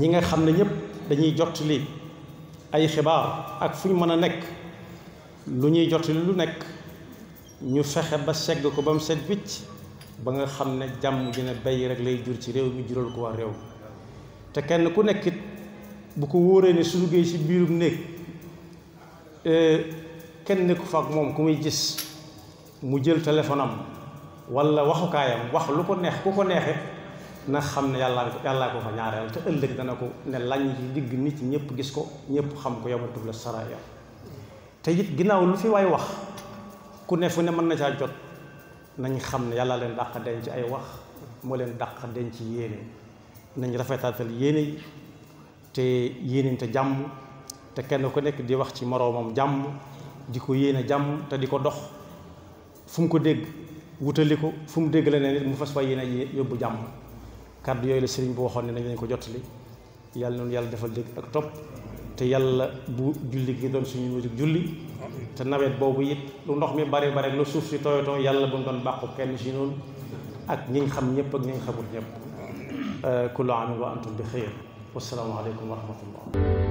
ñi nga xam ne ñëpp dañuy jottali ay xibaar ak fu ñu mën a nekk lu ñuy jottali lu nekk ñu fexe ba segg ko ba mu set wicc ba nga xam ne jàmm ne béy rek lay jur ci réew mi jural ko waa réew mi te kenn ku nekkit bu ko wóoree ne su duggee ci biirum néeg euh, kenn nekku fa moom ku muy gis mu jël téléphone am walla waxukaayam wax lu ko neex ku ko neexee na xam ne yàllaa yàllaa ko fa ñaareel te ëllëg dana ko ne lañ ci digg nit ñëpp gis ko ñëpp xam ko yoma tubla te it ginnaaw lu fi waay wax ku ne fu ne mën na caa jot nañ xam ne yàlla leen dàq denc ay wax moo leen dàq denc yéene nañ rafetaatal yéene yi te yéenente jàmm te kenn ku nekk di wax ci moroomam jàmm di ko yéene jàmm te di ko dox fu ko dégg wutali ko fu mu dégg leneen nit mu fas fa yéene yóbbu jàmm kàddu yooyu la sëriñ bu waxoon ne nañ leen ko jottali yàlla noonu yàlla defal dégg ak topp te yàlla bu julli gi doon suñu mujjug julli te nawet boobu it lu ndox mi bari bari lu suuf si tooy tooy yàlla bu doon bàqu kenn si noonu ak ñi nga xam ñëpp ak ñi nga xamul ñëpp kullu aam wa antum bi xeyr wassalaamu aleykum wa rahmatullah